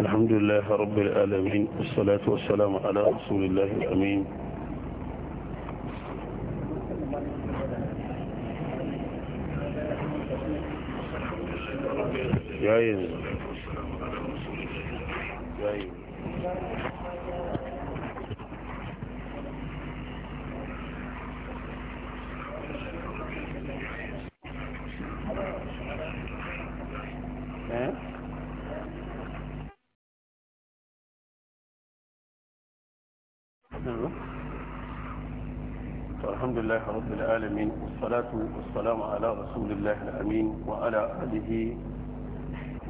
الحمد لله رب العالمين والصلاة والسلام على رسول الله الأمين يا يزيد لله رب العالمين والصلاة والسلام على رسول الله الأمين وعلى آله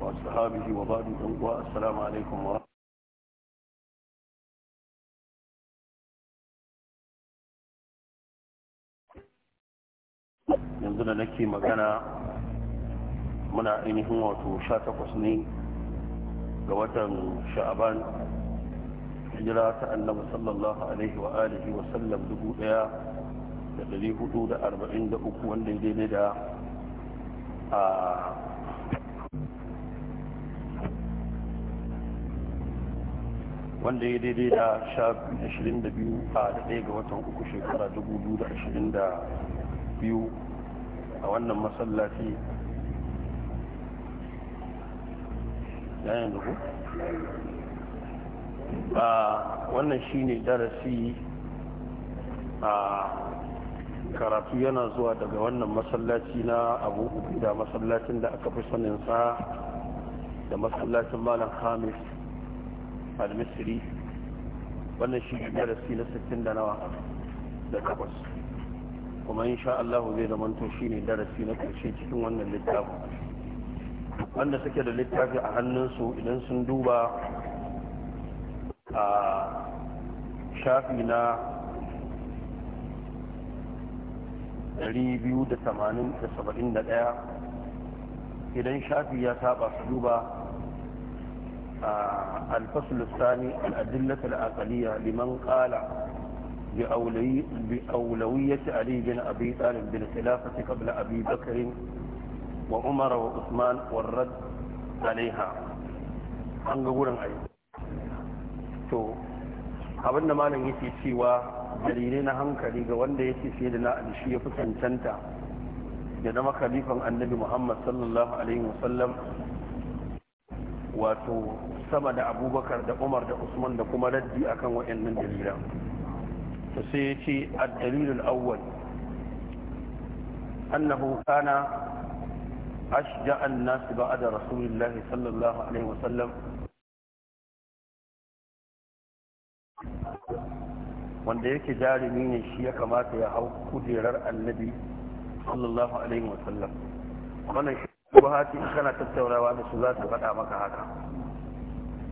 وأصحابه وبعده والسلام عليكم ورحمة yanzu da nake magana muna ainihin wato sha takwas ne ga watan sha'aban hijira ta annabi sallallahu alaihi wa alihi wa sallam dubu daya da ɗari hudu da arba'in da uku wanda ya daidai da a wanda ya daidai da shafi ashirin da biyu a da ɗaya ga watan uku shekara dubu biyu da ashirin da biyu a wannan masallaci yayin da ku a wannan shine darasi a karatu yana zuwa daga wannan masallaci na abu da masallacin da aka fi sanin sa da masallacin malam hamis al-misri wannan shi ne darasi na 60 da nawa da takwas kuma insha Allah zai zamanto shi ne darasi na karshe cikin wannan littafi wanda suke da littafi a hannunsu idan sun duba a shafi na 281 idan shafi ya taɓa su duba a alfasulustani al'adillatar akaliya liman kala bi aulawiyyati ali bin abi talib bin khilafati qabla abi bakr wa umar wa usman wa rad alaiha an ga gurin ayi to abinda malam yake cewa dalilai na hankali ga wanda ya ce sai da na shi ya fi cancanta ya zama khalifan annabi muhammad sallallahu alaihi wasallam wato sama da abubakar da umar da usman da kuma raddi akan wa'annan dalilan to sai ya ce dalilin awwal annahu kana ashja'an nas ba'da rasulillahi sallallahu alaihi wasallam wanda yake jarumi ne shi ya kamata ya hau kujerar annabi sallallahu alaihi sallam. wannan shi ba hati kana tattaunawa da su za su faɗa maka haka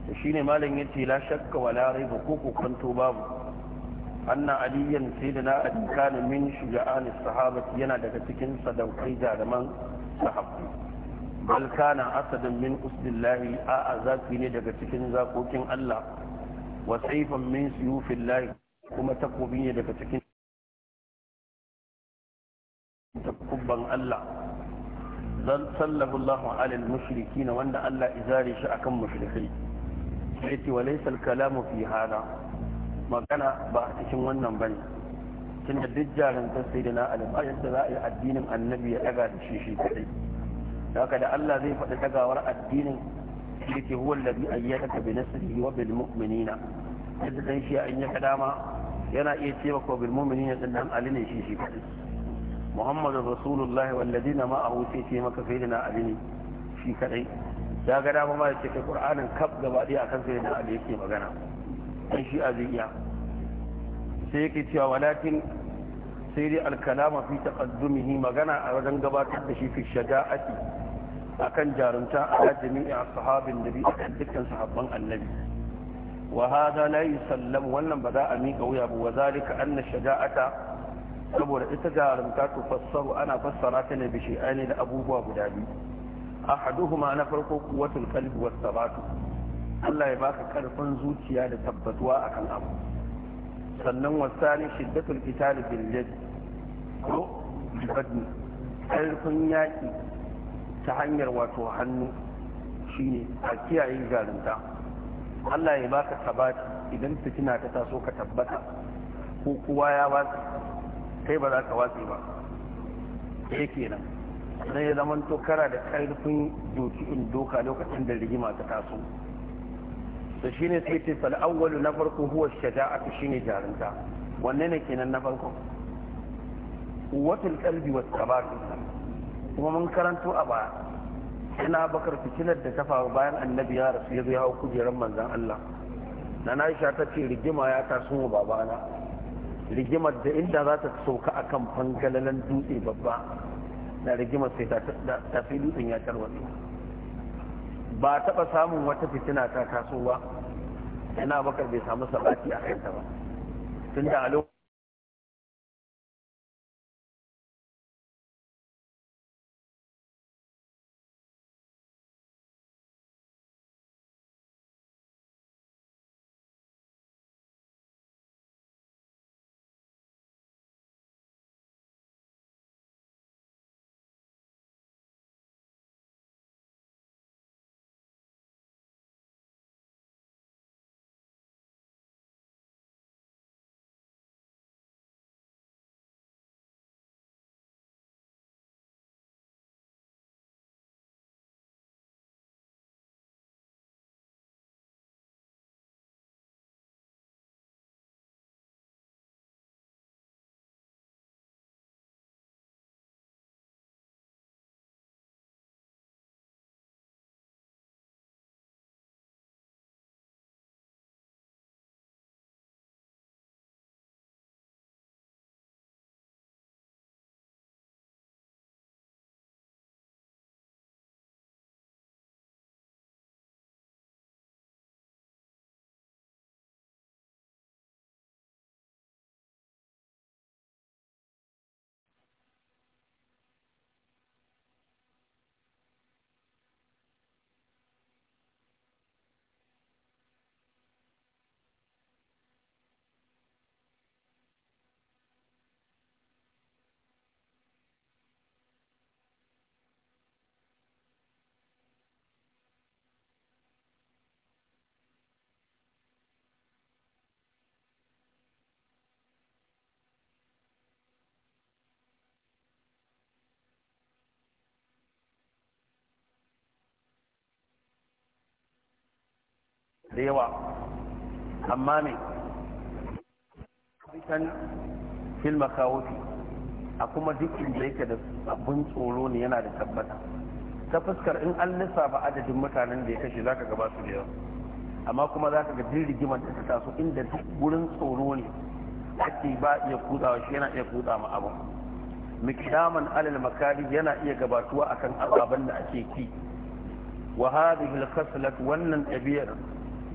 da shi ne malam ya ce la shakka wa la raiba ko kokonto babu anna aliyan sayyidina ali kana min shuja'an sahabati yana daga cikin sadaukai jaruman sahabbai bal kana asadan min usdillahi A'a zaki ne daga cikin zakokin Allah wa saifan min suyufillahi kuma takobi ne daga cikin takubban Allah zan sallahu Allahu alal mushriki na wanda Allah izare shi akan mushrikai sai ce walaysa al-kalamu fi hada magana ba a cikin wannan bane tun da duk jarantar sai da na alfayar da za a yi addinin annabi ya daga da shi shi kadai haka da Allah zai faɗi dagawar addinin shi ke huwa allazi ayyadaka bi nasrihi wa bil mu'minina yadda dan shi an yi dama yana iya cewa ko bil mu'minin ya dan ali ne shi shi kadai muhammadu rasulullah walladina a wuce ce maka sayyidina ali ne shi kadai ya ga dama ma ya ce kai qur'anin kaf gaba kan akan sayyidina ali yake magana dan shi iya. sai yake cewa walakin sai dai alkalama fi taqaddumihi magana a wajen gabatar da shi fi shaja'ati akan jarumta a jami'i ashabin nabi akan dukkan sahabban annabi wa hada la yusallam wannan ba za a mika wuya ba wa zalika anna shaja'ata saboda ita jarumta to ana fassara ta ne bishi da abubuwa guda biyu ahaduhuma na farko quwwatul qalbi was sabatu Allah ya baka karfin zuciya da tabbatuwa kan abu sannan wasani shiddatul qital bil jad ko badni karfin yaki ta hanyar wato hannu shine a kiyaye jarumta Allah ya baka sabati idan kina ta taso ka tabbata ko kowa ya watsi kai ba za ka watsi ba sai kenan sai ya zama to kara da karfin doki in doka lokacin da rigima ta taso Da shine sai ce fal awwalu na farko huwa shaja'atu shine jarinta. wanne ne kenan na farko quwwatul qalbi was sabat kuma mun karanto a baya ina bakar fitinar da ta faru bayan annabi ya rasu ya zo ya hau kujerar manzan Allah na na isha ta ce rigima ya taso wa babana rigimar da inda za ta sauka a kan fangalalan dutse babba na rigimar sai ta fi dutsen ya tarwatsu ba taɓa samun wata fitina ta taso ba ina bakar bai samu sabati a kanta ba tun da a da yawa amma me kan kawo makawuti a kuma dukkan da yake da abin tsoro ne yana da tabbata ta fuskar in an lissafa adadin mutanen da ya kashe ka gaba su da yawa amma kuma zaka ga din da ta taso inda duk gurin tsoro ne ake ba iya kutsawa shi yana iya kutsa ma abu mikidaman alal makari yana iya gabatuwa akan ababen da ake ki wa hadhihi al wannan ɗabi'ar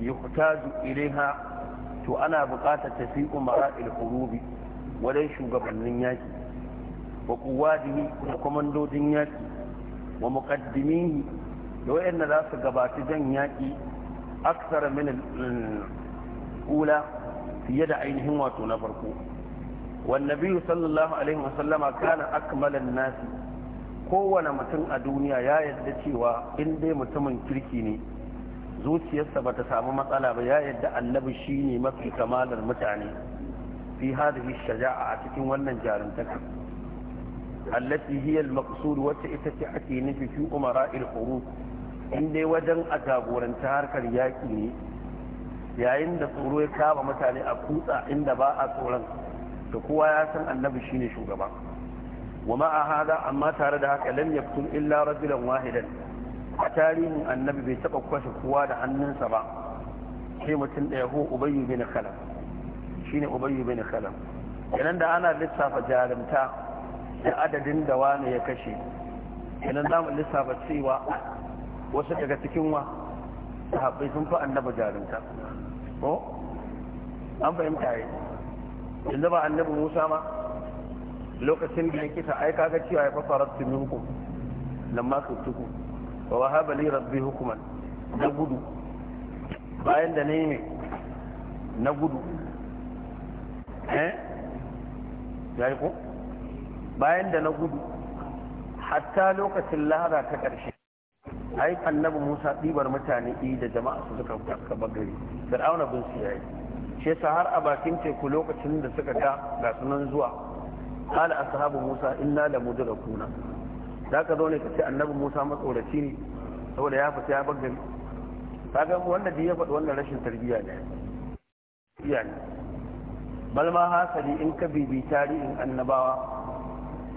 yuhtaju ilaiha to ana buƙatar tafi umara al-hurubi wajen shugabannin yaki wa kuwadihi da kwamandojin yaki wa muqaddimihi da wayanda za su gabaci jan yaki aksara min ula fiye da ainihin wato na farko والنبي صلى الله عليه وسلم كان أكمل الناس kowane mutum a duniya ya yarda cewa in dai mutumin kirki ne zuciyarsa bata samu matsala ba ya yadda annabi shine mafi kamalar mutane fi hadhihi shaja'a a cikin wannan jarumtaka allati hiya al-maqsud wacce ita ce ake nufi fi umara'il huruf in dai wajen a jagoranta harkar yaƙi ne yayin da tsoro ya kama mutane a kutsa inda ba a tsoron to kowa ya san annabi shine shugaba wa ma'a hada amma tare da haka lam yaktul illa rajulan wahidan a tarihin annabi bai taɓa kwashe kowa da hannunsa ba sai mutum ɗaya ko ubayyu bin kalam shine ubayyu bin kalam idan da ana lissafa jarumta da adadin da wani ya kashe idan za mu lissafa cewa wasu daga cikin wa sahabbai sun fi Annabi jarumta ko an fahimta yi yanzu ba annabi musa ma lokacin da ya kisa ai kaga cewa ya fasa rattu minku lamma su tuku wa wahaba li rabbi hukuman na gudu bayan da na na gudu eh ko bayan da na gudu hatta lokacin lahara ta ƙarshe ai annabi musa ɗibar mutane yi da jama'a su suka fuska bagari fir'auna bin su yayi shi yasa har a bakin teku lokacin da suka ga ga sunan zuwa qala ashabu musa inna la mudrakuna za ka zo ne ka ce annabi musa matsoraci ne saboda ya fita ya bagari ka ga wanda da ya faɗi wannan rashin tarbiyya ne balma hasali in ka bibi tarihin annabawa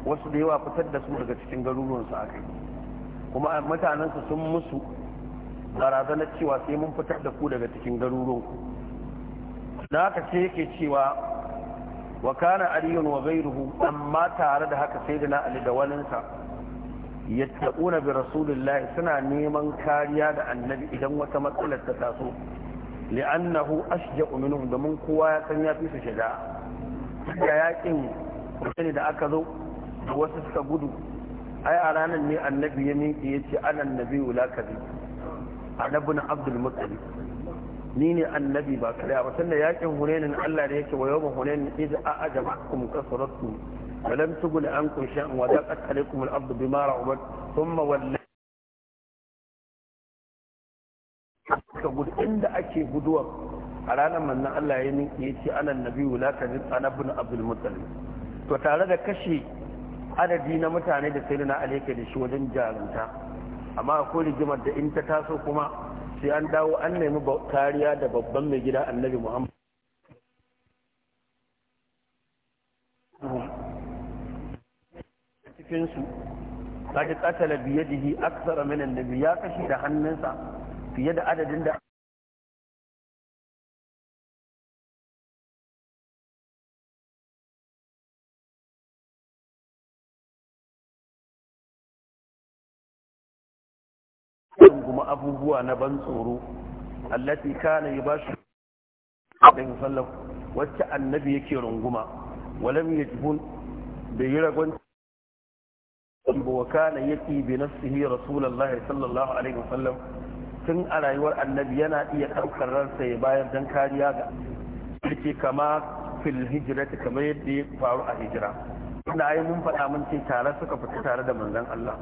wasu da yawa fitar da su daga cikin garuruwansu a kai kuma mutanensu sun musu barazanar cewa sai mun fitar da ku daga cikin garuruwanku da haka ce yake cewa wa kana aliyun wa ghayruhu amma tare da haka sai da na ali da waninsa yattaquna bi rasulillahi suna neman kariya da annabi idan wata matsalar ta taso li'annahu ashja'u minhum domin kowa ya san ya fi su shiga da yakin kursani da aka zo da wasu suka gudu ai a ranar ne annabi ya miƙe ya ce anan nabi wula kabi annabi na abdul mutalib ni ne annabi ba kariya ba sannan yakin hunainin allah da yake wa yawan hunainin idan a'a jama'akum kasaratu ولم تغن عنكم شيئا وضاقت عليكم الارض بما رحبت ثم وليتم inda ake guduwa a ranar mannan Allah ya yi ce anan nabi wula ka ji tsana bin abdul mutsalin to tare da kashe adadi na mutane da sai na alaika da shi wajen jarumta amma akwai rigimar da in ta taso kuma sai an dawo an nemi kariya da babban mai gida annabi muhammad cikin su kaji biye da yadihi aksara minan da ya kashi da hannunsa fiye da adadin da kuma abubuwa na ban tsoro allati kana yubashu alaihi wasallam wacce annabi yake runguma walam yajbun da yi ragon وكان يكي بنفسه رسول الله صلى الله عليه وسلم tun a rayuwar annabi yana iya ɗaukar ransa ya bayar don kariya ga yake kama fil hijirati kamar yadda ya faru a hijira inda ai mun faɗa mun ce tare suka fita tare da manzon Allah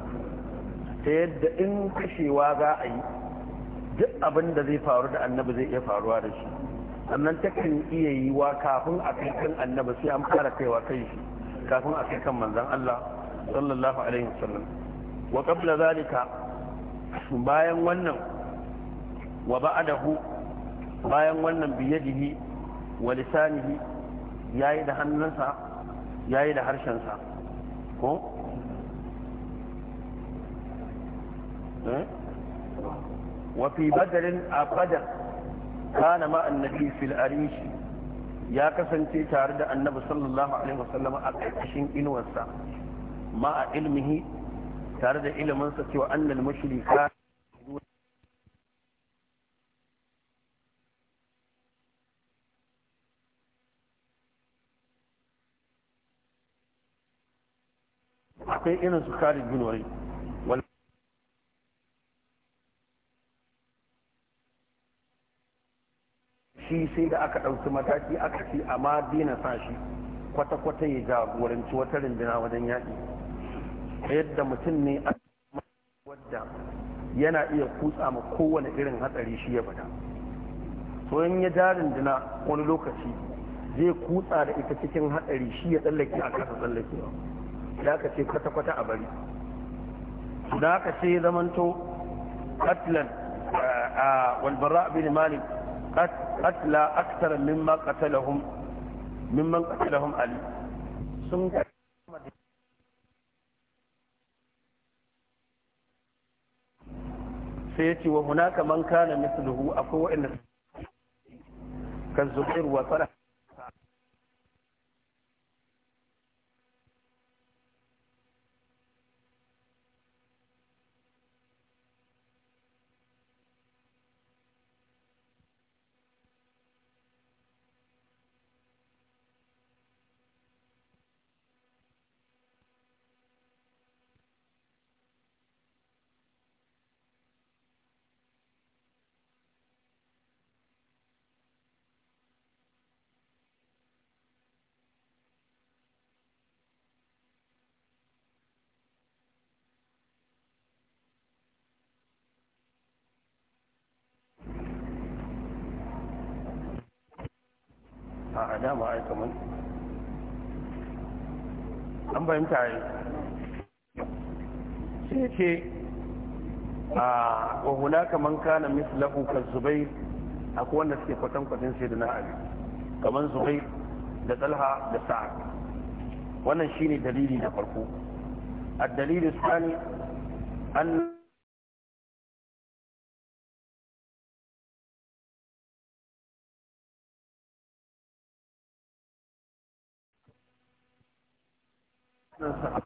ta yadda in kashewa za a yi duk abin da zai faru da annabi zai iya faruwa da shi sannan takan iya yi wa kafin a kai kan annabi sai an fara kaiwa kai shi kafin a kai kan manzon Allah sallallahu alaihi wasallam wa qabla zalika bayan wannan wa ba'dahu bayan wannan biyadihi wa lisanihi yayi da hannunsa yayi da harshen sa, ko eh? wa fi badalin a badal kana ma annabi fil arishi ya kasance tare da annabi sallallahu alaihi wasallam a ƙarƙashin inuwarsa ma a ilmihi tare da iliminsa cewa annal mushrika akwai irin su kari gunori shi sai da aka ɗauki mataki aka ce amma dina sa shi kwata-kwata ya jagoranci wata rindina wajen yaƙi ta yadda mutum ne a wadda yana iya kutsa ma kowane irin hatsari shi ya bada so in ya jarin dina wani lokaci zai kutsa da ita cikin hatsari shi ya tsallake a kasa tsallake da aka ce kwata-kwata a bari da aka ce zamanto katlan a walbara abin malik katla aksara mimman katalahun ali sun sai ya ce wa hunaka man kana misluhu akwai wa'annan kan zubairu wa sarah a dama ai kamar an bayanta ai sai ce a wahuna kamar kana mislahu kan zubai akwai wanda suke kwatankwatin sai da na ali kamar zubai da talha da sa'ad wannan shine dalili na farko a dalilin الثاني an. ɗaya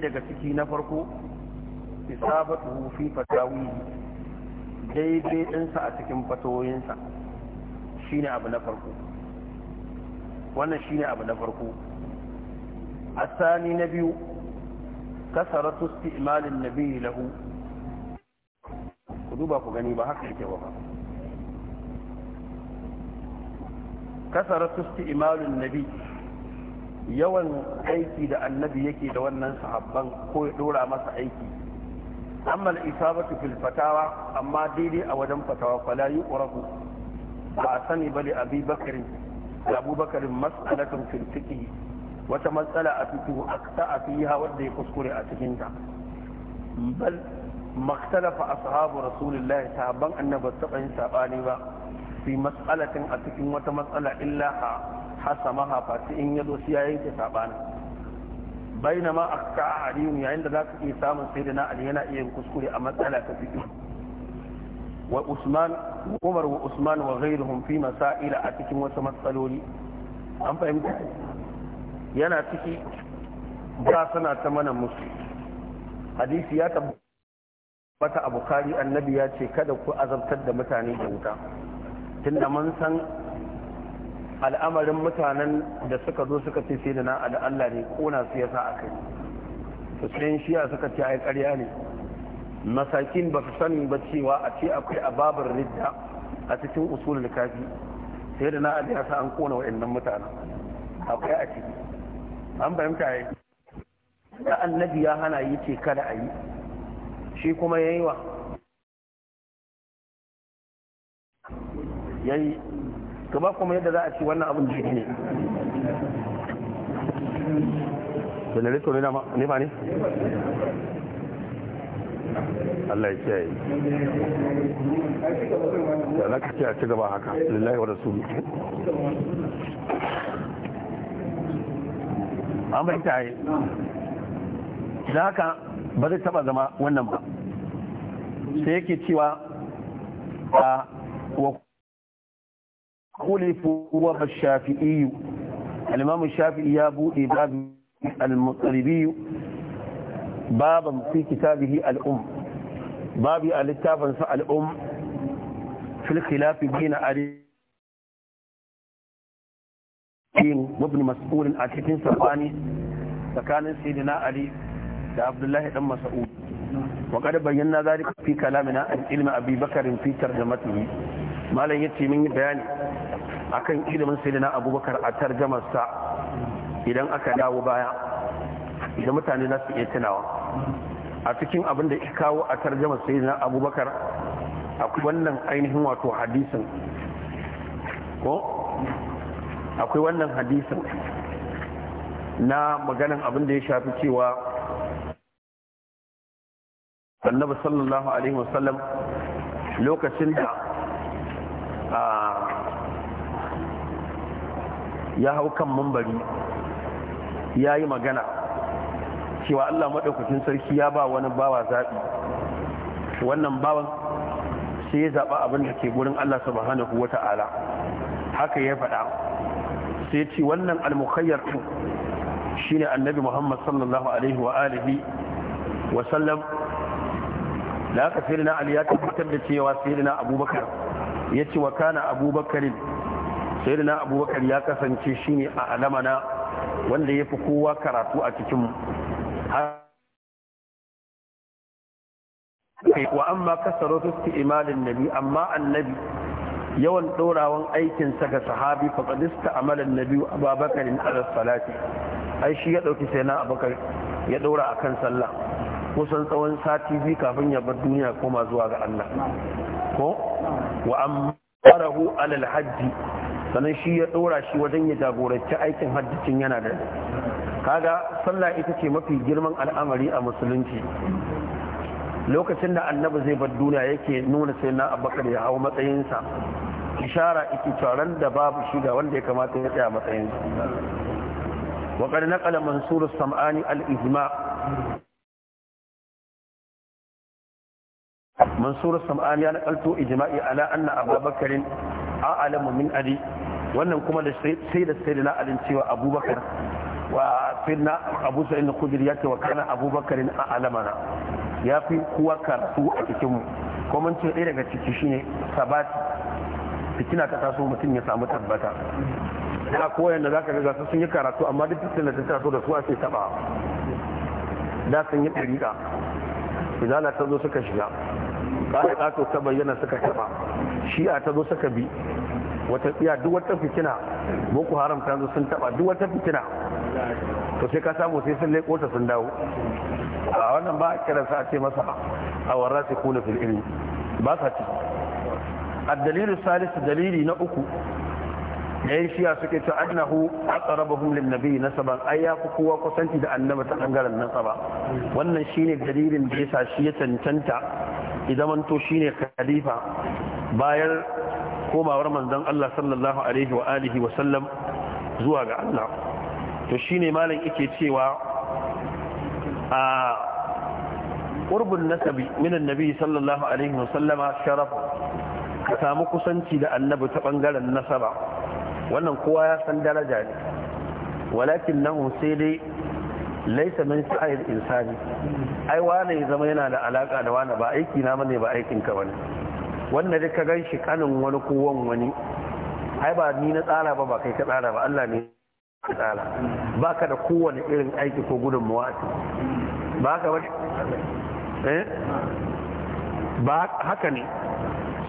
daga ciki na farko isabatu fi fatawi daidai ɗinsa a cikin fatawoyinsa shine abu na farko wannan shine abu na farko asani na biyu kasaratu istimalin nabiyyi lahu duba ku gani ba haka yake ba kasara tusti imalun nabi yawan aiki da annabi yake da wannan sahabban ko ya dora masa aiki amma al-isabatu fil fatawa amma daidai a wajen fatawa fala yuqrabu ba sani bali abi bakrin abu bakrin mas'alatan fil wata matsala a fito a fiha wanda ya kuskure a cikinta ta maktalafa ashabu rasulillahi sahabban annabi taɓa yin saɓani ba fi mas'alatin a cikin wata matsala illa ha hasamaha Fati in yazo sai ya yanke saɓani bainama akta aliyun yayin da zaka iya samun sayyidina ali yana iya yin kuskure a matsala ta fiqh wa usman umar wa usman wa ghayruhum fi masaila a cikin wata matsaloli an fahimta yana ciki ba sana ta mana musu hadisi ya tabbata Wata abu kari annabi ya ce kada ku azabtar da mutane da wuta Tun da mun san al'amarin mutanen da suka zo suka ce sai da na da Allah ne kona su yasa a kai su sai shiya suka ce ai ƙarya ne masakin ba su sani ba cewa a ce akwai ababar ridda a cikin usulul kafi sai da na ya sa an kona wa'annan mutanen akwai a ciki an fahimta ya da annabi ya hana yi ce kada a yi shi kuma ya yi wa ya yi gaba kuma yadda za a ci wannan abin jiki ne generator ne dama ne ba ne Allah ya kiyaye da na kake a ci gaba haka lullahi wadda su an bai ta yi da haka ba zai taba zama wannan ba sai yake cewa a wa kulifu wa shafi'i al-imam shafi'i ya bude babu al-mutsaribi baban fi kitabihi al-um Babu a littafin sa al-um fil khilafi bayna ali ibn mas'ul a cikin sabani tsakanin sayyidina ali da abdullahi dan mas'ud wa qad bayyana zalika fi kalamina an ilmi abi bakr fi tarjamatihi malam yace mun yi bayani akan ilimin sayyidina abubakar a tarjamar sa idan aka dawo baya idan mutane za su iya tunawa a cikin abin da ya kawo a tarjamar sayyidina abubakar akwai wannan ainihin wato hadisin ko akwai wannan hadisin na maganan abin da ya shafi cewa annabi sallallahu alaihi wasallam lokacin da ya hau kan mambari ya yi magana cewa Allah maɗaukacin sarki ya ba wani bawa zaɓi wannan bawan sai ya zaɓa abin da ke gurin Allah subhanahu wa ta'ala haka ya faɗa sai ce wannan almukayyar shi ne annabi Muhammad sallallahu alaihi wa alihi wa sallam da haka sayyidina ali ya tabbatar da cewa sayyidina abubakar ya ce wa kana abubakarin sayyidina abubakar ya kasance shi ne a alamana wanda ya fi kowa karatu a cikin wa amma kasaro fi imalin nabi amma annabi yawan ɗorawan aikinsa ga sahabi a amalan nabi ababakarin alas salati ai shi ya ɗauki sai na abakar ya ɗora a kan sallah kusan tsawon sati biyu kafin ya bar duniya koma zuwa ga Allah ko wa amarahu alal hajji sanan shi ya dora shi wajen ya jagoranci aikin hajjicin yana da kaga sallah ita ce mafi girman al'amari a musulunci lokacin da annabi zai bar duniya yake nuna sai na abakar ya hau matsayinsa ishara ita taron da babu shi ga wanda ya kamata ya tsaya matsayinsa وقد نقل منصور السمعاني الإجماع mansur sam'ani ya nakalto ijma'i ala anna abubakar a'lamu min ali wannan kuma da sai da sai na alin cewa abubakar wa firna abu sa'id na kudir ya ce wa kana abubakar a'lamana ya fi kuwa karatu a cikinmu. kuma ce ɗaya daga ciki shine sabati fitina ta taso mutum ya samu tabbata da yadda za ka ga sun yi karatu amma duk fitina ta taso da su ake taba da sun yi ɗariƙa izala ta zo suka shiga ƙasa ƙato ta bayyana suka taɓa shi'a ta zo suka bi wata tsiya duk wata fitina boko haram ta zo sun taɓa duk wata fitina to sai ka samu sai sun leƙo sun dawo a wannan ba a kiransa a ce masa a warra sai kuna fil ilmi ba sa ci الدليل الثالث na نأكو ɗayan shiya suke ta annahu aqrabahum lin nabi nasaban ai ya fi kowa kusanci da annabi ta bangaren nasaba wannan shine dalilin da yasa shi ya cancanta shi shine khalifa bayan komawar manzon Allah sallallahu alaihi wa alihi wa sallam zuwa ga Allah to shine malam yake cewa a qurbun nasabi min annabi sallallahu alaihi wa sallama sharaf ka samu kusanci da annabi ta bangaren nasaba wannan kowa ya san daraja ne walakin nahu sai dai laisa min sa'ir insani ai wane ya zama yana da alaka da wane ba aiki na mane ba aikin ka bane wanda duk ka ganshi kanin wani ko wani ai ba ni na tsara ba ba kai ka tsara ba Allah ne ka tsara baka da kowane irin aiki ko gudunmawa a ba ka ba eh ba haka ne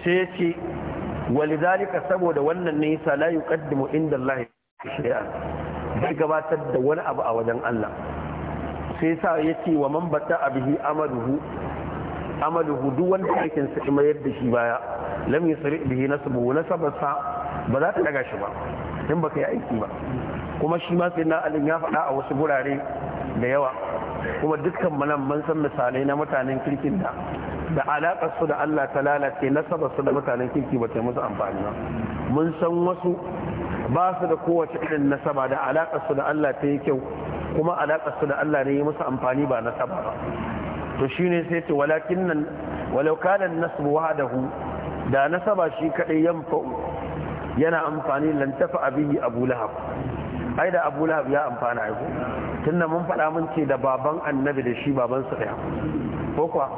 sai ya ce walidalika saboda wannan ne sa la yuqaddimu inda Allah shay'an bai gabatar da wani abu a wajen Allah sai sa ya ce wa man bata abihi amaluhu amaluhu duk wanda aikin sa kuma yadda shi baya lam yusri bihi nasbu nasabarsa ba za ta daga shi ba in baka yi aiki ba kuma shi ma sai na alin ya faɗa a wasu gurare da yawa kuma dukkan manan mun san misalai na mutanen kirkin da da alaƙar su da Allah ta lalace na su da mutanen kirki ba ta musu amfani ba mun san wasu ba su da kowace irin nasaba da alaƙar su da Allah ta yi kyau kuma alaƙar su da Allah ne ya musu amfani ba na saba ba to shi ne sai ce walakin nan walau kana nasb wahdahu da nasaba shi kadai yanfa yana amfani lan tafa bihi abu lahab ai da abu lahab ya amfana ai tunda mun faɗa mun ce da baban annabi da shi baban su daya ko kuwa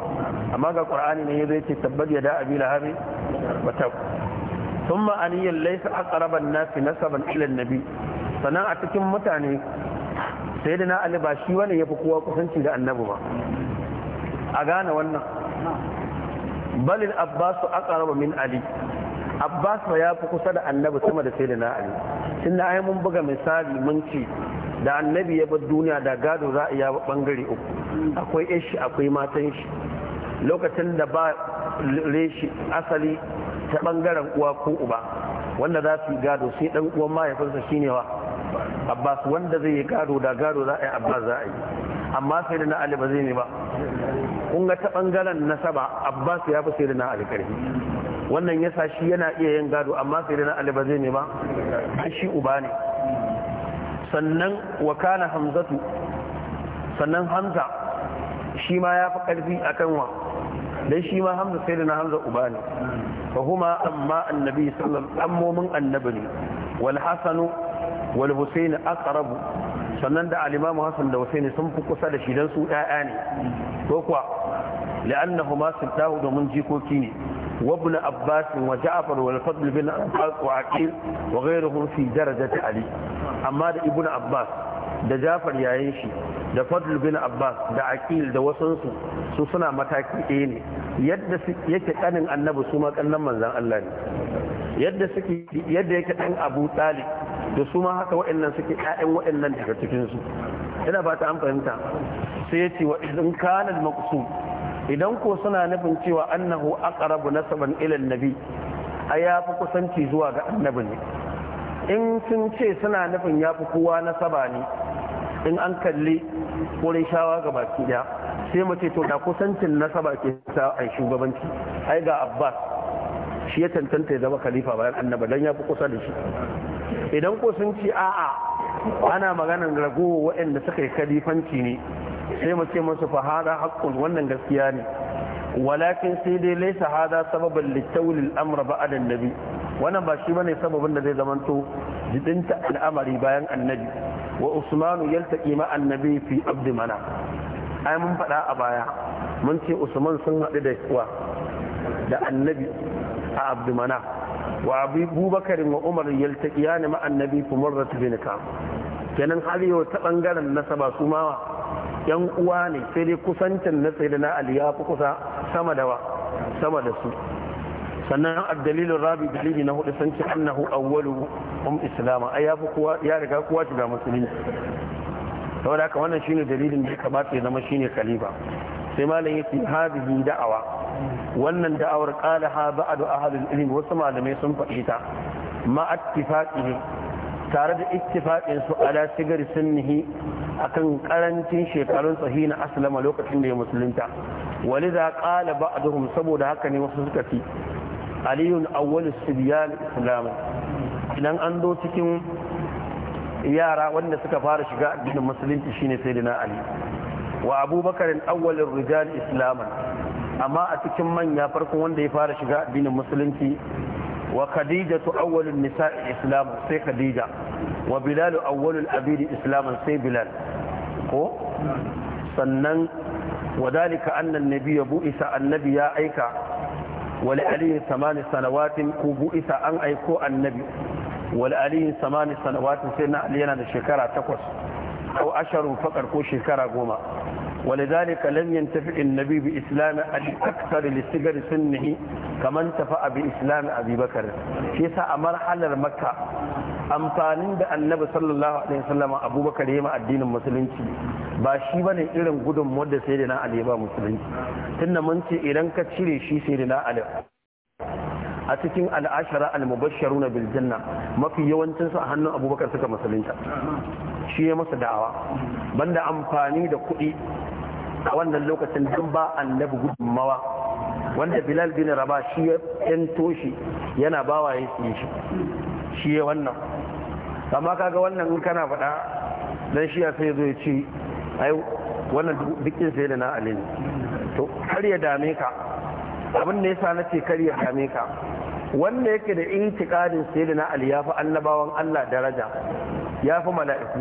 amma ga qur'ani ne zai ce tabbat ya yada abi lahab wa tab thumma aniyan laysa aqraban nas nasaban ila an-nabi Sannan a cikin mutane sai da na ali ba shi wani ya fi kowa kusanci da annabi ba a gane wannan balil abbasu aqraba min ali abbas ya fi kusa da annabi sama da sai da na ali sun na mun buga misali mun ce da annabi ya bar duniya da gado za a yi bangare uku akwai ishi akwai matan shi lokacin da ba reshi asali ta bangaren uwa ko uba wanda za su yi gado sai dan uwan mahaifinsa shine wa abbas wanda zai yi gado da gado za a yi abbas za a yi amma sai da na ali ba zai ne ba kun ga ta bangaren na saba abbas ya fi sai da na ali karfi wannan ya sa shi yana iya yin gado amma sai da na ali ba zai ne ba shi uba ne sannan wakana hamzatu sannan hamza shi ma ya fi karfi akan wa dai shi ma hamza sai da na hamza uba ne fa huma amma annabi sallallahu alaihi wasallam ammomin annabi ne wal hasanu wani husaini akarab sannan da alimamu hassan da husaini sun fi kusa da shidan su ɗaya ne ko kuwa la'anna huma su ɗahu domin jikoki ne wabula abbasin wa ja'afar wa alfadul bin al-aqil wa ghayruhum fi darajati ali amma da ibnu abbas da jafar yayin shi da fadl bin abbas da aqil da wasansu su suna mataki ɗaya ne yadda yake kanin annabi su ma manzan allah ne yadda suke yadda yake ɗan abu talib da su ma haka waɗannan suke ƴaƴan waɗannan daga cikinsu ina ba ta an fahimta sai ya ce wa idan kanal maqsud idan ko suna nufin cewa annahu aqrabu nasaban ila annabi a ya fi kusanci zuwa ga annabi ne in sun ce suna nufin ya fi kowa nasaba ne in an kalli wurin shawa ga baki daya sai mace to da kusancin nasaba ke sa a shugabanci ai ga abbas shi ya tantanta ya zama khalifa bayan annaba dan ya fi kusa da shi idan ko sun ci a'a ana maganar ragowa waɗanda suka yi khalifanci ne sai mu masu fahara fa wannan gaskiya ne walakin sai dai laisa hada sababan littawlil amra ba'da annabi wannan ba shi bane sababin da zai zamanto jidinta al'amari bayan annabi wa usmanu yaltaki ma annabi fi abdi mana ai mun faɗa a baya mun ce usman sun haɗu da kuwa da annabi a abdi mana wa abubakar wa umar ya ma annabi fi marrat bin ka kenan har yau ta bangaren nasaba su ma yan uwa ne sai dai kusancin na sayyidina ali ya kusa sama da wa sama da su sannan dalilin rabi dalili na hudu ci annahu awwalu um islama ai ya kowa ya riga kowa shiga musulmi saboda haka wannan shine dalilin da ya kamata ya zama shine kaliba sai malam yace hadhihi da'awa wannan da'awar qala ha ba'du ahlul ilm wasu malamai sun faɗi ta ma tare da ittifaqin su ala sigari sunnihi akan karancin shekarun sahina aslama lokacin da ya musulunta waliza qala ba'duhum saboda haka ne wasu suka fi aliyun awwalus sibyan islam idan an zo cikin yara wanda suka fara shiga addinin musulunci shine sayyidina ali wa abubakar awwalur rijal islaman amma a cikin manya farkon wanda ya fara shiga addinin musulunci wa Khadija khadijatu awwalun nisa'i islam sai khadija wa bilal awwalul abidi islaman sai bilal ko sannan wa dalika wadalika annan bu isa annabi ya aika ولعلي ثمان سنوات كوبو أن أيكو النبي ولعلي ثمان سنوات سيدنا علينا الشكرة تقص أو أشهر فقر كو شكرة قوما ولذلك لم ينتفع النبي بإسلام أبي أكثر لسجر سنه كما انتفع بإسلام أبي بكر في ساعة حل مكة amfanin da annabi sallallahu alaihi wasallam abubakar ya addinin musulunci ba shi bane irin gudun wanda sai da na ba musulunci tunda mun ce idan ka cire shi sai da na a cikin al'ashara al-mubashsharuna bil janna mafi yawancin su a hannun abubakar suka musulunta shi ya masa da'awa banda amfani da kuɗi a wannan lokacin don ba annabi gudunmawa wanda bilal bin raba shi ya toshe shi yana bawa ya shi shi ya wannan amma kaga wannan in kana faɗa dan shi ya sai zo ya ce ai wannan dukkin sai da na alin to har ya dame ka abin da yasa nace kar ya dame ka wanda yake da intiqadin sai da na ali ya fi annabawan Allah daraja ya fi mala'iku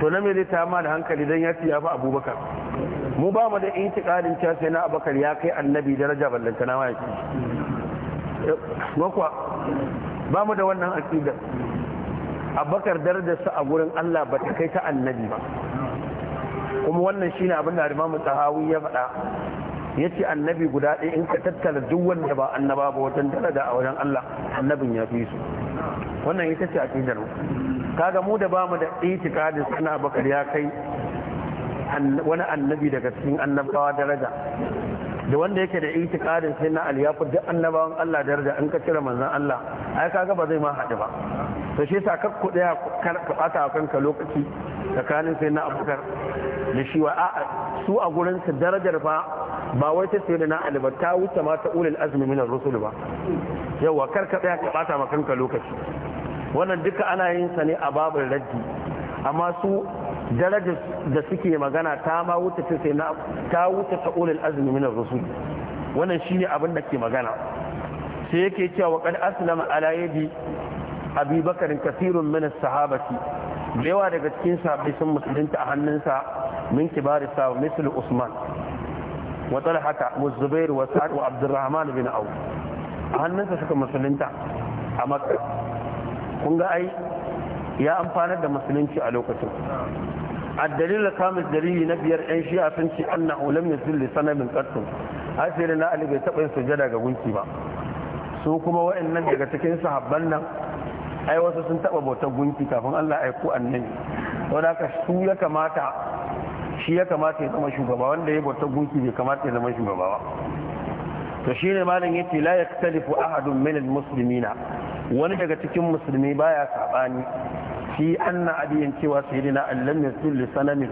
to na me zai ta ma da hankali dan ya ce ya fi abubakar mu ba mu da intiqadin cewa sai na abubakar ya kai annabi daraja ballantana wa yake ba mu da wannan aƙidar abakar darajarsa a wurin Allah ba ta kai ta annabi ba kuma wannan shine abin da Imam Tahawi ya faɗa yace annabi guda ɗaya in ka tattara duk wanda ba annaba ba wajen daraja a wajen Allah annabin ya fi su wannan ita ce aqidar mu kaga mu da ba mu da itikadin sana bakar ya kai wani annabi daga cikin annabawa daraja da wanda yake da itikadin sai na aliyafu duk annabawan Allah daraja in ka cire manzon Allah ai kaga ba zai ma haɗu ba to shi yasa kakku daya ka bata kanka lokaci tsakanin sai na abubakar da shi wa su a gurin su darajar fa ba wai ta sai na ali ba ta wuce ma ta ulul azmi minar rusul ba yawa kar ka tsaya ka bata ma kanka lokaci wannan duka ana yin sa ne a babin raddi amma su darajar da suke magana ta ma wuta ta sai na ta wuta ta ulul azmi min ar-rusul wannan shine abin da ke magana sai yake cewa wa qad aslama ala yadi abi Bakarin kathirun min as-sahabati da yawa daga cikin sahabbai sun musulunta a hannunsa min kibari sahabu misal usman wa talhata wa zubair wa sa'ad wa abdurrahman bin auf a hannunsa suka musulunta a makka kun ga ai ya amfanar da musulunci a lokacin الدليل الخامس دليل نبير ان شيء فنشي انه لم يسل لسنه من قطن حسير نا علي bai taba yin sujada ga gunki ba su kuma wayannan daga cikin sahabban nan ai wasu sun taba bautar gunki kafin Allah ya aiko annabi saboda haka su ya kamata shi ya kamata ya zama shugaba wanda ya bautar gunki bai kamata ya zama shugaba ba to shine malam yace la yaktalifu ahadun min almuslimina wani daga cikin musulmi baya sabani fi anna adiyan cewa sayyidina allam yasul li sanamin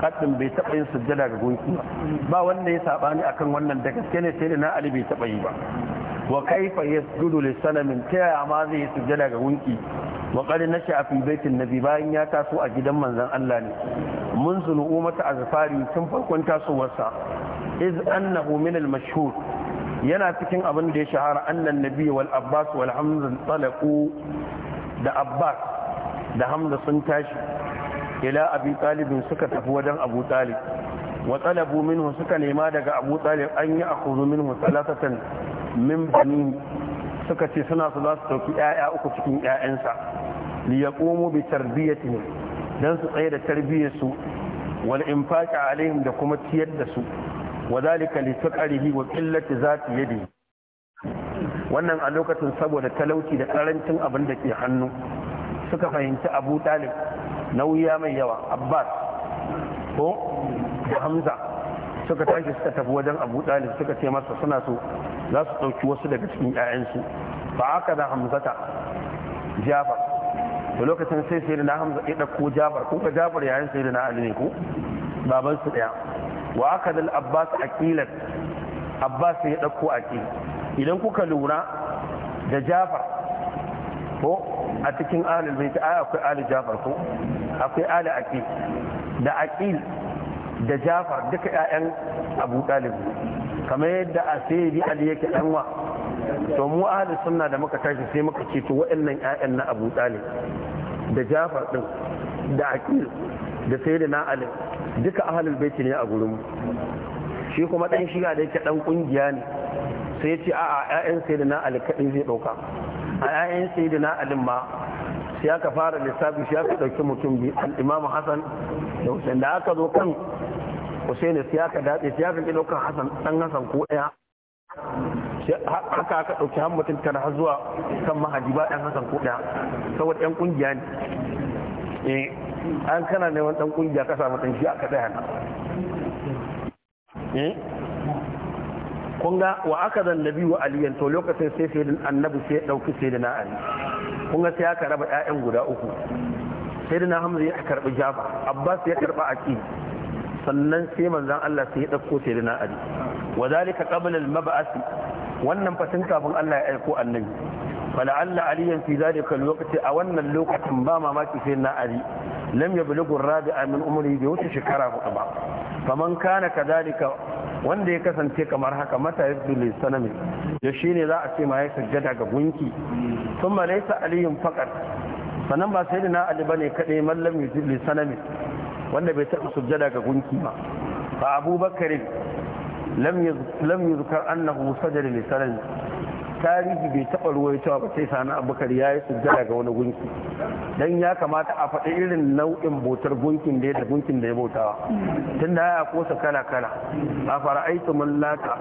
kadin bai taba yin sujjada ga gunki ba ba wanda ya sabani akan wannan da gaske ne na ali bai taba yi ba wa kaifa yasjudu li ta ya ma zai sujjada ga gunki wa qad a fi baitin nabi bayan ya taso a gidan manzon Allah ne mun sunu ummata azfari tun farkon tasowarsa iz annahu min al mashhur yana cikin abin da ya shahara annan nabi wal abbas wal hamza talaqu da abbas da hamza sun tashi ila abi talibin suka tafi wajen abu talib wa talabu minhu suka nema daga abu talib an yi akuru minhu salatatan min bani suka ce suna su za su dauki 'ya'ya uku cikin yayansa li yaqumu bi tarbiyatihim dan su tsaye da tarbiyyar su wal infaqi alaihim da kuma ciyar da su wa zalika li taqarihi wa qillati zati yadi wannan a lokacin saboda talauci da karancin abin da ke hannu suka fahimci abu talib wuya mai yawa abbas ko da hamza suka tashi suka tafi wajen abu talib suka ce masa suna so za su ɗauki wasu daga cikin 'ya'yansu ba aka da hamzata jafar da lokacin sai sai na hamza ya ɗauko jafar ko ka jafar yayin sai na ali ne ko baban su ɗaya wa aka da abbas aqilan abbas ya ɗauko aqil idan kuka lura da jafar ko a cikin ahlul bait ai akwai ali jafar ko akwai ali aqil da aqil da jafar duka ƴaƴan abu talib kamar yadda asiri ali yake danwa to mu ahli sunna da muka tashi sai muka ce to waɗannan ƴaƴan na abu talib da jafar din da aqil da sayyidina ali duka ahlul bait ne a gurin shi kuma dan shiga da yake dan kungiya ne sai ya ce a'a ƴaƴan sayyidina ali kadai zai dauka a 'ya'yan sayyidina alin ma sai aka fara lissafi shi aka ɗauki mutum biyu al'imam hassan da hussein da aka zo kan hussein sai aka daɗe shi aka ɗauka hassan ɗan hassan ko ɗaya haka aka ɗauki har mutum tara har zuwa kan mahaji ba ɗan hassan ko ɗaya saboda ɗan ƙungiya ne eh, an kana neman ɗan ƙungiya ka samu ɗan shi aka ɗaya na kun ga wa aka zan nabi wa aliyan to lokacin sai sai annabi sai dauki sai da ali kun ga sai aka raba ƴaƴan guda uku sai da hamza ya karɓi jaba abbas ya karba aki sannan sai manzon Allah sai ya dauko sai da ali wa zalika qabla al-mab'ath wannan fatin kafin Allah ya aiko annabi Allah فلعل عليا في ذلك الوقت او ان اللوكة باما ما سيدنا علي لم يبلغ الرابع من عمره بوش شكرا فقبا فمن كان كذلك wanda ya kasance kamar haka mata ya zule sanami da shi ne za a ce ma ya sajjada ga gunki sun ma laisa aliyun fakar sannan ba sai da na ali bane kaɗai mallam ya zule sanami wanda bai taɓa sujjada ga gunki ba ba abubakar lam yuzkar annahu sajada li sanami tarihi bai taɓa ruwaitowa ba sai sani abubakar ya yi sujjada ga wani gunki don ya kamata a faɗi irin nau'in bautar gunkin da ya da gunkin da ya bautawa tun da ya kosa kala kala a fara aiki mun laka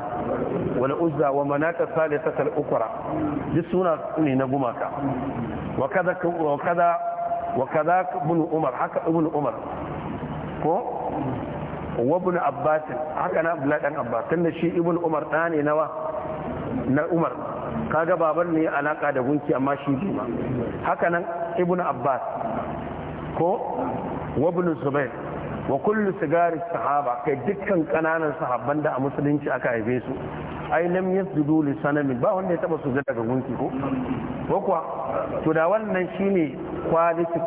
wani uzza wa manata sale ta ukura duk suna ne na gumaka wa kaza wa kaza ibn umar haka ibn umar ko wa ibn abbas haka na abdullahi dan abbas tunda shi ibn umar ɗane nawa na umar kaga babar ne alaka da gunki amma shi bi haka nan ibnu abbas ko Wabin zubair wa kullu sigari sahaba kai dukkan kananan sahabban da a musulunci aka haife su ai lam yasdudu li sanami ba wanda ya taba sujada daga gunki ko ko kuwa to da wannan shine quality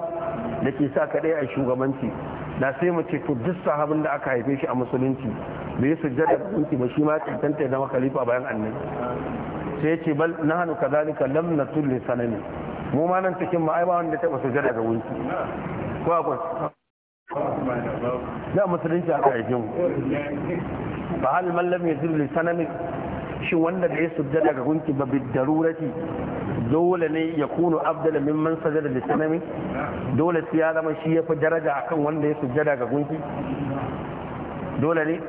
da ke sa kaɗai a shugabanci da sai mu ce to duk sahabin da aka haife shi a musulunci bai sujjada da gunki ba shi ma cancanta zama khalifa bayan annabi sai ce bal nahnu kadhalika lam natul li sanani. mu ma nan cikin mu ai ba wanda taba sujjada da gunki ko akwai da musulunci aka haife mu fa hal man lam yatul li sanami shi wanda bai sujjada da gunki ba bid darurati dole ne ya kunu abdala mimman sajada da sanami dole sai ya zama shi ya fi daraja akan wanda ya sujada ga gunki dole ne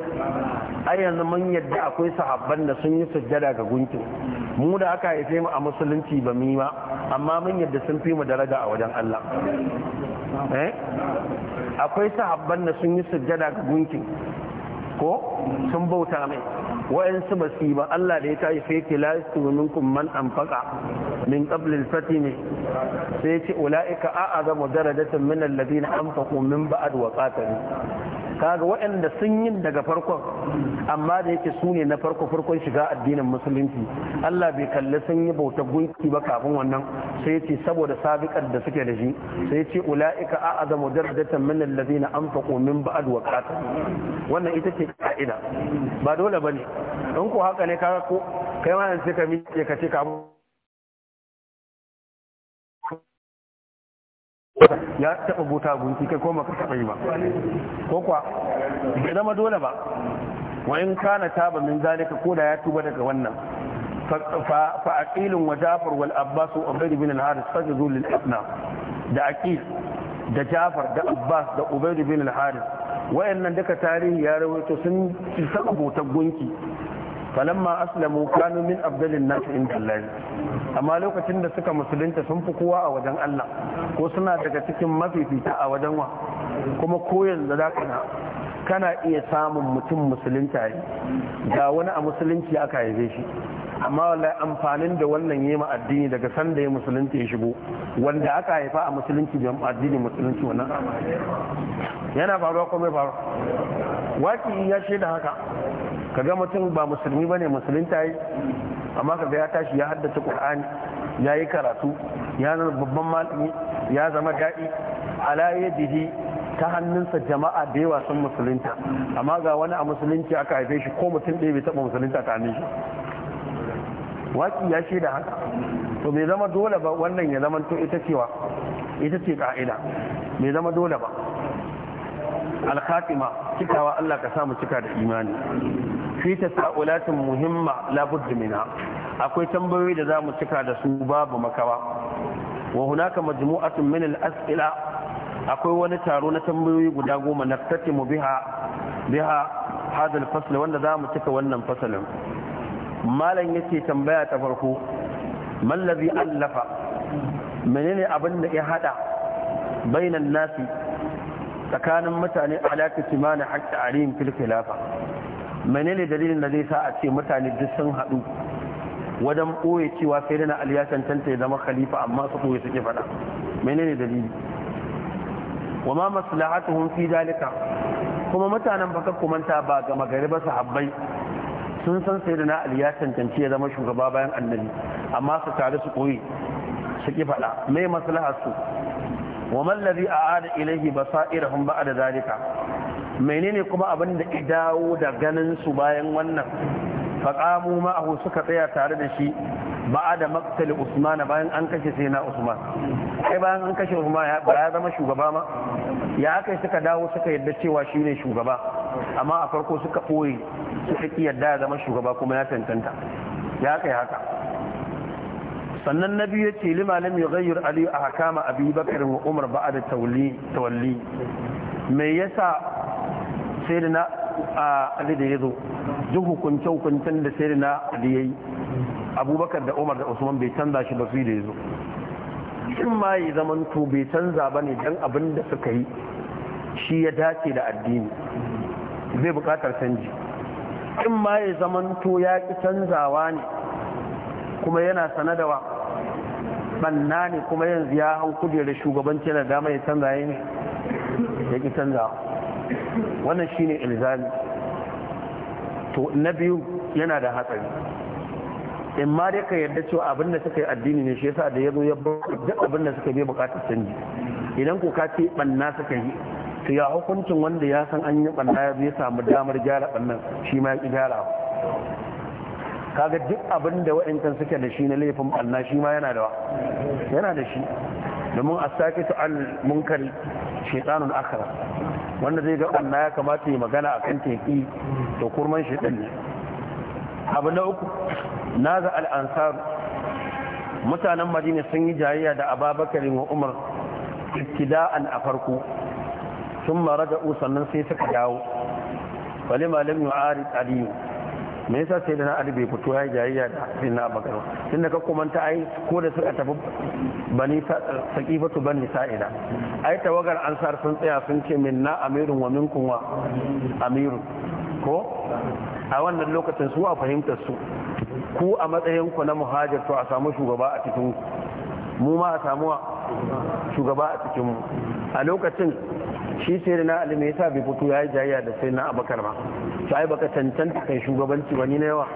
ai yanzu mun yadda akwai sahabban da sun yi sujada ga gunki mu da aka haife mu a musulunci ba mu yi ba amma mun yadda sun fi mu daraja a wajen Allah eh? akwai sahabban da sun yi sujada ga gunki ko sun bauta mai wa'ansu ba su ba Allah da ya tashi sai ke la'istu kumman an anfaqa min qabl fati ne sai ce ulaika a'azamu darajatan min alladhina anfaqu min ba'd wa qatalu kaga waɗanda sun yi daga farkon amma da yake su ne na farko farkon shiga addinin musulunci Allah bai kalli sun yi bautar gunki ba kafin wannan sai ce saboda sabiqar da suke da shi sai ce ulaika a'zamu darajatan min na anfaqu min ba'd wa qatal wannan ita ce ka'ida ba dole bane in ko haka ne kaga ko kai ma sai ka miƙe ka ce ka ya taba buta gunki kai ko maka taba yi ba ko kwa bai zama dole ba wa in kana taba min zalika ko da ya tuba daga wannan fa aqilun wa jafar wal abbas wa ubayd bin al-haris sajadu lil ibna da aqil da jafar da abbas da ubayd bin al-haris wayannan duka tarihi ya rawaito sun ci saka gunki falamma aslamu kanu min abdalin nas inda Allah amma lokacin da suka musulunta sun fi kowa a wajen Allah ko suna daga cikin mafifita a wajen wa kuma ko yanzu za ka kana iya samun mutum musulunta yi ga wani a musulunci aka haife shi amma wallahi amfanin da wannan yi ma addini daga da ya musulunci ya shigo wanda aka haifa a musulunci da addini musulunci wannan yana faruwa ko bai faruwa waki ya shaida haka ka ga mutum ba musulmi bane ta yi amma ka ya tashi ya haddace qur'ani ya yi karatu ya zama babban malami ya zama daɗi ala yadihi ta hannunsa jama'a da yawa sun musulunta amma ga wani a musulunci aka haife shi ko mutum ɗaya bai taɓa musulunta ta hannun shi waki ya shaida haka to bai zama dole ba wannan ya zama to ita cewa ita ce ka'ida bai zama dole ba al-khatima cikawa Allah ka samu cika da imani fi tasa'ulatin muhimma la budda minha akwai tambayoyi da zamu cika da su babu makawa wa hunaka majmu'atun min al-as'ila akwai wani taro na tambayoyi guda goma na biha biha hada al-fasl wanda zamu cika wannan fasalin malam yake tambaya ta farko mallazi allafa menene abin da ya hada bainan nasi tsakanin mutane alaƙa kimanin haƙƙi a rihin filfilafa menene dalilin da zai sa a ce mutane duk sun haɗu wajen ɓoye cewa sai dana Aliyatan ya cancanta ya zama khalifa amma su ɓoye suke faɗa menene dalili wa ma maslahatuhum fi dalika kuma mutanen baka kumanta ba ga magari ba su Habbai. sun san sai dana ali ya cancanci ya zama shugaba bayan annabi amma su tare su ɓoye suke faɗa mai maslahar su wa mallazi a'ada ilaihi basairahum ba'da zalika menene kuma abin da dawo da ganin su bayan wannan faqamu ma'ahu suka tsaya tare da shi ba'da Maktali usman bayan an kashe sai na usman kai bayan an kashe usman ya bara zama shugaba ma ya aka suka dawo suka yadda cewa ne shugaba amma a farko suka ɓoye suka ki yadda ya zama shugaba kuma ya tantanta ya kai haka sannan na biyu ce lima lam yughayyir a ahkama abi bakar wa umar ba'a da tawalli me yasa na ali da ya zo duk hukunce hukuncen da sai da na ali yi? abubakar da umar da usman bai canza shi ba su da zo in ma yi zaman to bai canza ba ne don abin da suka yi shi ya dace da addini zai buƙatar canji in ma yi zaman to ya ki canzawa ne kuma yana sana da wa banna ne kuma yanzu ya hau da shugabanci na dama ya canza ya ne ya ki canza wannan shi ne ilzami to na biyu yana da hatsari in ma dai ka yarda cewa abin da suka yi addini ne shi yasa da ya zo ya duk abin da suka bai bukatar canji idan ko ka ce banna suka yi to ya hukuncin wanda ya san an yi banna ya samu damar gyara bannan shi ma ya gyara kaga duk abin da wa'ancan suke da shi na laifin ɓanna shi ma yana da yana da shi domin a sake su an munkari shekanun akara wanda zai ga ɓanna ya kamata yi magana a kan teki da kurman shekan ne abu na uku na za al'ansar mutanen madina sun yi jayayya da ababakarin wa umar ibtida'an a farko sun mara da sannan sai suka dawo wali malam yu'arid me yasa sai da na ali bai fito ya jayayya da sai na bakar tunda ka komanta ai ko da suka tafi bani saqifatu bani sa'ida ai tawagar ansar sun tsaya sun ce minna amirun wa minkum wa amiru ko a wannan lokacin su a fahimtar su ku a matsayin ku na muhajir to a samu shugaba a cikin mu ma a samu shugaba a cikin mu a lokacin shi sai da na alim ya sa bai fito ya yi jayya da sai na abakar ba to ai baka tantanta kai shugabanci ba ni na yawa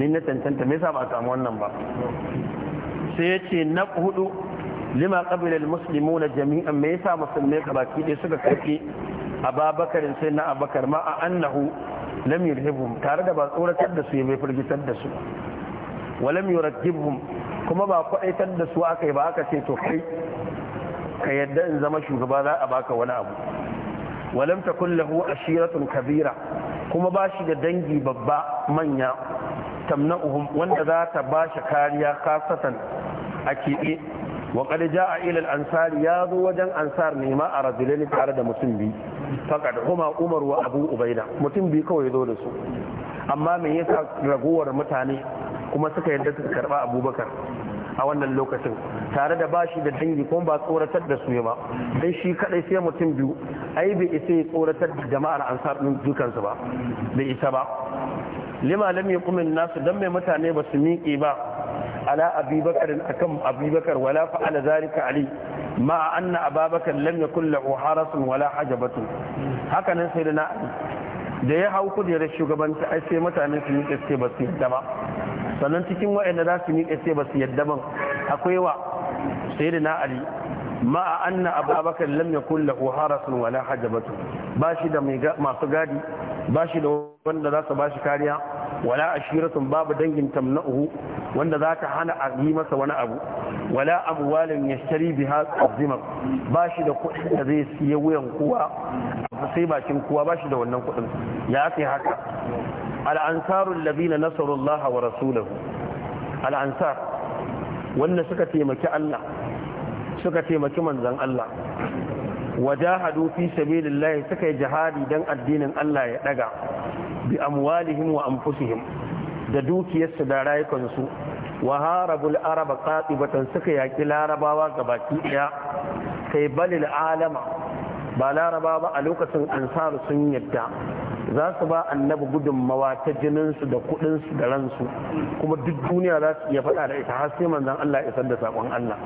ni na tantanta me yasa ba a samu wannan ba sai yace na hudu lima qabila almuslimuna jami'an me yasa musulmai gabaki ɗaya suka karki ababakarin sai na abakar ma a annahu lam yurhibhum tare da ba tsoratar da su ya bai firgitar da su wa lam yurakkibhum kuma ba kwaɗaitar da su aka yi ba aka ce to kai ka yadda in zama shugaba za a baka wani abu walam takun lahu ashiratun kabira kuma ba shi da dangi babba manya tamna'uhum wanda za ta ba shi kariya kasatan a keɓe wa qad ja'a ila al-ansar ya zo wajen ansar ne ma a rajulaini tare da mutum biyu faqad huma umar wa abu ubaida mutum biyu kawai zo da su amma me yasa ragowar mutane kuma suka yadda suka karba abubakar a wannan lokacin tare da bashi da dangi kuma ba tsoratar da su ba dan shi kadai sai mutum biyu ai bai isa ya tsoratar da jama'ar ansar din dukansu ba bai isa ba lima lam yaqumin nasu dan mai mutane ba su miƙe ba ala abubakar akan abubakar wala fa'ala zalika ali ma anna ababakar lam yakul lahu harasun wala hajabatu haka nan sai da na da ya hau kujerar shugabanci ai sai mutane su miƙe sai ba su yadda ba sannan cikin waɗanda za su miƙe sai ba su yadda ban akwai wa sai da na'ali ma a anna abubakar lam ya kulla harasun wala Hajjabatu ba shi da masu gadi ba shi da wanda za su ba shi kariya wala ashiratun babu dangin tamna'uhu wanda za ta hana a yi masa wani abu wala amwalin ya shari biha azimar ba shi da kuɗin da zai siya wuyan kowa sai bakin kowa ba shi da wannan kuɗin ya haka al'ansarun labina nasarullaha wa rasulahu al'ansar wanda suka taimaki Allah suka taimaki manzan Allah wajahadu fi sabilillahi suka yi jihadi dan addinin Allah ya ɗaga. bi amwalihim wa anfusihim da dukiyarsu da rayukansu wa harabul araba batan suka yaki larabawa baki ɗaya. kai balil alama ba laraba ba a lokacin ansaru sun yadda za su ba annabi gudunmawa ta jininsu da kudinsu da ransu kuma duk duniya za su iya faɗa da ita har sai manzan Allah isar da sakon Allah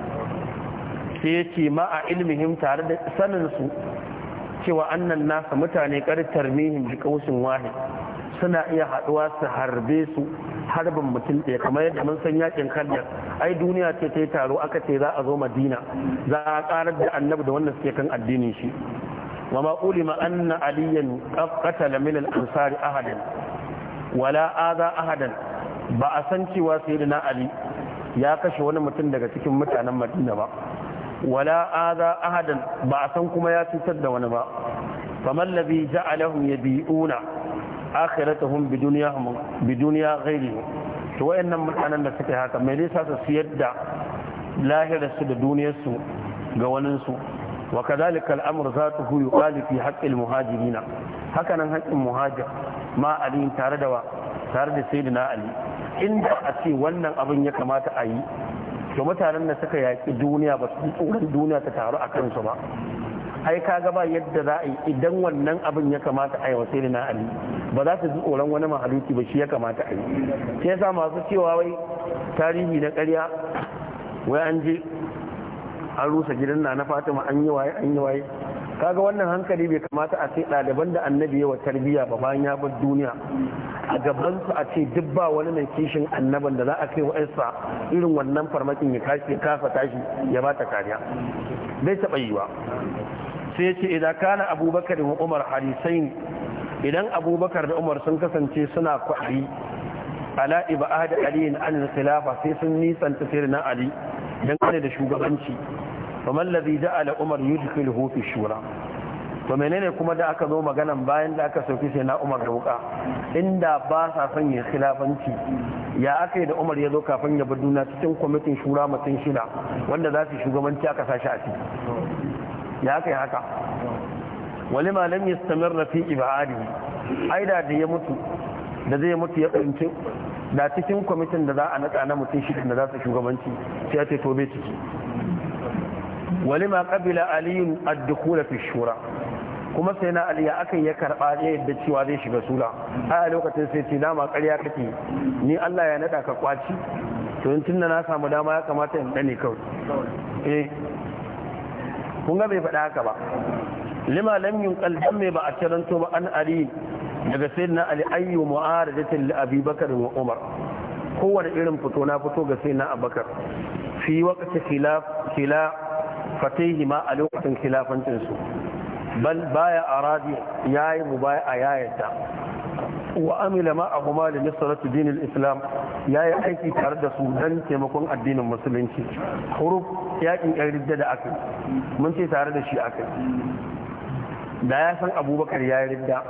sai yake ma a ilmihim tare da sanin su cewa annan nasa mutane kartar mihim bi kausin wahi suna iya haɗuwa su harbe su harbin mutum ɗaya kamar yadda mun san yakin kandar ai duniya ce ta yi taro aka ce za a zo madina za a karar da annabi da wannan suke kan addinin shi وما علم أن عليا قتل من الأنصار أحدا ولا آذى أحدا بأسنك وسيدنا علي ya kashe wani mutum daga cikin mutanen madina ba wala aza ahadan ba a san kuma ya cutar da wani ba kamar labi ja'alahum yabi'una akhiratahum bidunyahum biduniya ghairihi to wayannan mutanen da suka haka me ne sa su siyar da lahirar su da duniyarsu su ga wanin وكذلك الأمر ذاته يقال في حق المهاجرين هكذا حق المهاجر ما علي تاردوا تارد سيدنا علي إن أتي ولن أبن يكما تأيي to mutanen da suka yaƙi duniya ba su tsoron duniya ta taru a kansu ba ai ka ba yadda za a yi idan wannan abin ya kamata a yi wa sai na ali ba za su ji tsoron wani mahaluki ba shi ya kamata a yi sai yasa masu cewa wai tarihi na ƙarya wai an je an rusa gidan na na fatima an yi waye an yi waye kaga wannan hankali bai kamata a ce ɗaliban da annabi ya wa tarbiyya ba bayan ya bar duniya a gaban su a ce duk ba wani mai kishin annaban da za a kai wa'ansa irin wannan farmakin ya kashe kafa tashi ya ba ta kariya bai taɓa yiwa sai ya ce idan kana abubakar da umar harisai idan abubakar da umar sun kasance suna kwari ala ibada ali an khilafa sai sun nisanta na ali dan kare da shugabanci kamar lazi ja'ala umar yudkhilhu fi shura to menene kuma da aka zo maganan bayan da aka sauki sai na umar da wuka inda ba sa son ya khilafanci ya aka yi da umar ya zo kafin ya duniya cikin kwamitin shura mutum shida wanda za su shugabanci aka sashi a ciki ya aka yi haka wani malam ya samar na fi ibadi aida da ya mutu da zai mutu ya kunci da cikin kwamitin da za a naɗa na mutum shida da za su shugabanci sai ya ce to bai ciki walima kabila aliyun ad da fi shura kuma sai na aliya yi ya karba ne yadda cewa zai shiga sura a lokacin sai ce dama ƙarya kake ni Allah ya naɗa ka kwaci to in tunda na samu dama ya kamata in dane kawai eh kun ga bai faɗa haka ba lima lam yunqal mai ba a taranto ba an ali daga na ali ayyu mu'aradatin li abi bakar wa umar kowane irin fito na fito ga na abubakar fi waqti khilaf khilaf fatihi ma a lokacin khilafancinsu bal baya a ya yi mu baya a yadda wa amila ma abu ma da nasaratu dinin islam ya yi aiki tare da su don taimakon addinin musulunci huruf yakin yan ridda da aka mun ce tare da shi aka da ya san abubakar ya yi ridda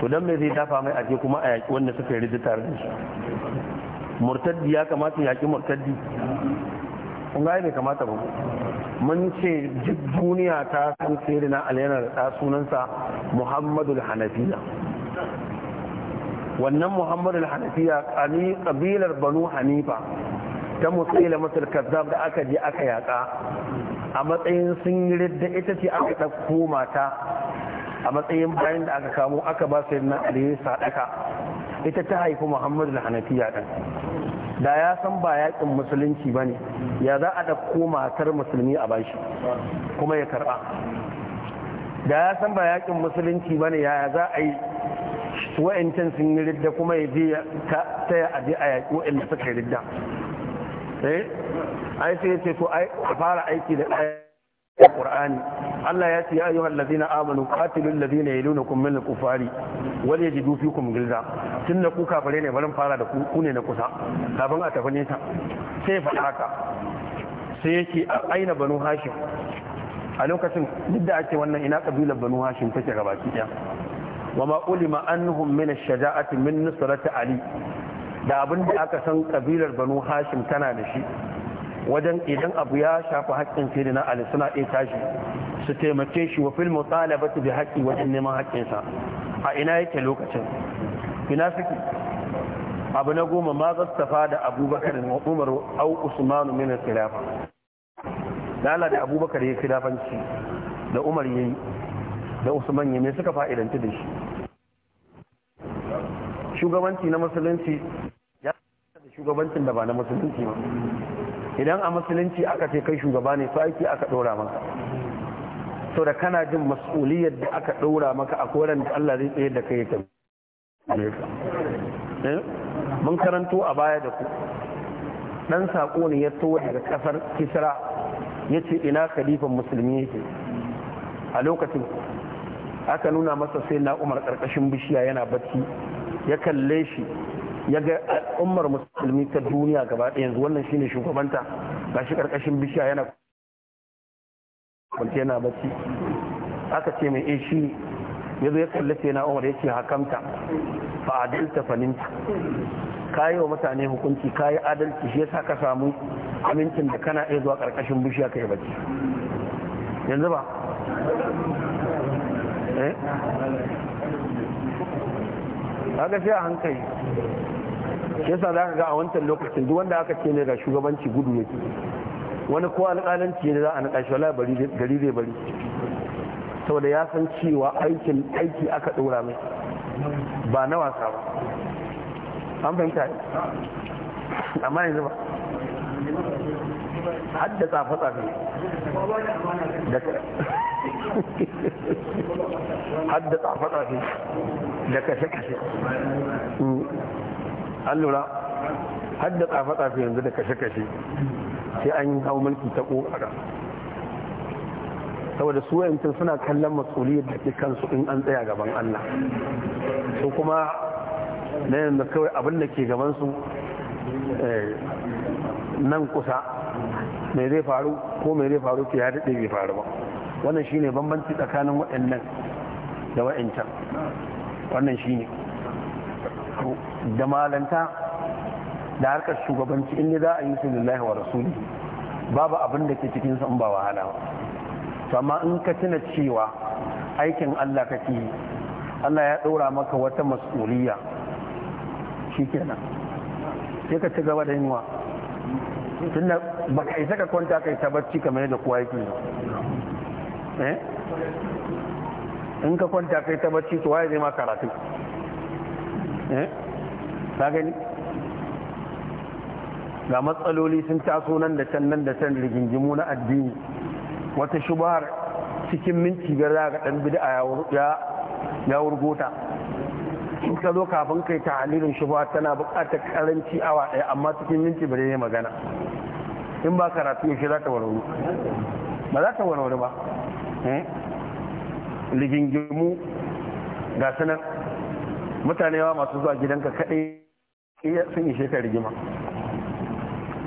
to don mai zai dafa mai aje kuma a yaƙi wanda suka yi ridda tare da shi murtaddi ya kamata ya yaƙi murtaddi kun ga bai kamata ba mun ce duk duniya ta san sai na aliyana da sunansa muhammadu hanafiya wannan muhammadu hanafiya kabilar banu hanifa ta musaila masar kazzab da aka je aka yaƙa a matsayin sun yi da ita ce aka ɗauko mata a matsayin bayan da aka kamo aka ba sai na alayyar sadaka ita ta haifi muhammadu hanafiya ɗan da ya san ba yakin musulunci ba ne ya za a ɗauko matar musulmi a bashi kuma ya karɓa da ya san ba yakin musulunci ba ne ya za a yi wa'ancan sun yi ridda kuma ya je ta ya aje a yaƙi da suka yi ridda sai eh? ai sai ya ce to fara aiki da ɗaya القرآن الله يأتي يا أيها الذين آمنوا قاتلوا الذين يلونكم من الكفار وليجدوا فيكم غلظة تن ku kafare ne barin fara da ku ne na kusa kafin a tafi nesa sai faɗa haka sai yake a aina banu hashim a lokacin duk da ake wannan ina kabilar banu hashim take gabaki ɗaya wa ma ulima annahum min ash-shaja'ati min nusrati ali da abin da aka san kabilar banu hashim tana da shi wajen idan abu ya shafi haƙƙin fili na ali suna iya tashi su taimake shi wa fil mutalabatu bi haƙƙi wajen neman haƙƙinsa a ina yake lokacin ina suke abu na goma ma zastafa da abubakar da umar au usmanu min al-khilafa lala da abubakar ya khilafanci da umar yayi da usman ya me suka fa'idanci da shi shugabanci na musulunci ya da shugabancin da ba na musulunci ba idan a musulunci aka ce kai shugaba ne to aiki aka ɗora maka to da kana jin mas'uliyar da aka ɗora maka a koren da Allah zai tsaye da kai ya eh? mun karanto a baya da ku dan saƙo ne ya towa daga ƙasar kisra ya ce ina khalifan musulmi yake a lokacin aka nuna masa sai na umar ƙarƙashin bishiya yana bacci ya kalle shi ya ga al'ummar musulmi ta duniya gaba ɗaya yanzu wannan shine shugabanta shi karkashin bishiya yana kwanci yana bacci aka ce mai eh shi ya zo ya kalli sai na umar ya ce hakamta fa adalta faninta ka yi wa mutane hukunci ka yi adalci shi yasa ka samu amincin da kana iya zuwa karkashin bishiya ka yi bacci yanzu ba eh kaga sai a hankali yasa za ka ga a wancan lokacin duk wanda aka ce ne ga shugabanci gudu yake wani ko alƙalanci ne za a na shi wala gari zai bari saboda ya san cewa aikin aiki aka ɗora mai ba na wasa ba an fahimta ne amma yanzu ba hadda tsafa tsafe hadda tsafe-tsafe da kashe-kashe hmm. an lura har da tsafe-tsafe yanzu da kashe-kashe sai an yi hau mulki ta ƙoƙara saboda su yankin suna kallon masuliyar da ke kansu in an tsaya gaban Allah su kuma na yanzu kawai abin da ke su, eh, nan kusa mai zai faru ko mai zai faru ke ya daɗe bai faru ba wannan shi ne bambanci tsakanin waɗannan da waɗancan wannan shi ne. su da malanta da harkar shugabanci in za a yi su lillahi wa rasuli babu abin da ke cikin in ba wahala ba amma in ka tuna cewa aikin Allah kake yi Allah ya ɗora maka wata mas'uliya shikenan sai ka ci gaba da yinwa tunda ba ka isa ka kwanta kai ta bacci kamar yadda kowa yake eh in ka kwanta kai ta bacci to waye zai ma karatu ta eh? gani ga matsaloli sun taso nan da can nan da can rigingimu na addini wata shubahar cikin minti biyar za ga dan bid'a ya wurgota in ka zo kafin kai ta halilin shubha tana buƙatar karanci awa ɗaya amma cikin minti biyar ne magana in ba karatu yaushe za ta warware ba za ta warware ba eh? rigingimu ga sanar mutane yawa masu zuwa gidanka kaɗai sun ishe ka rigima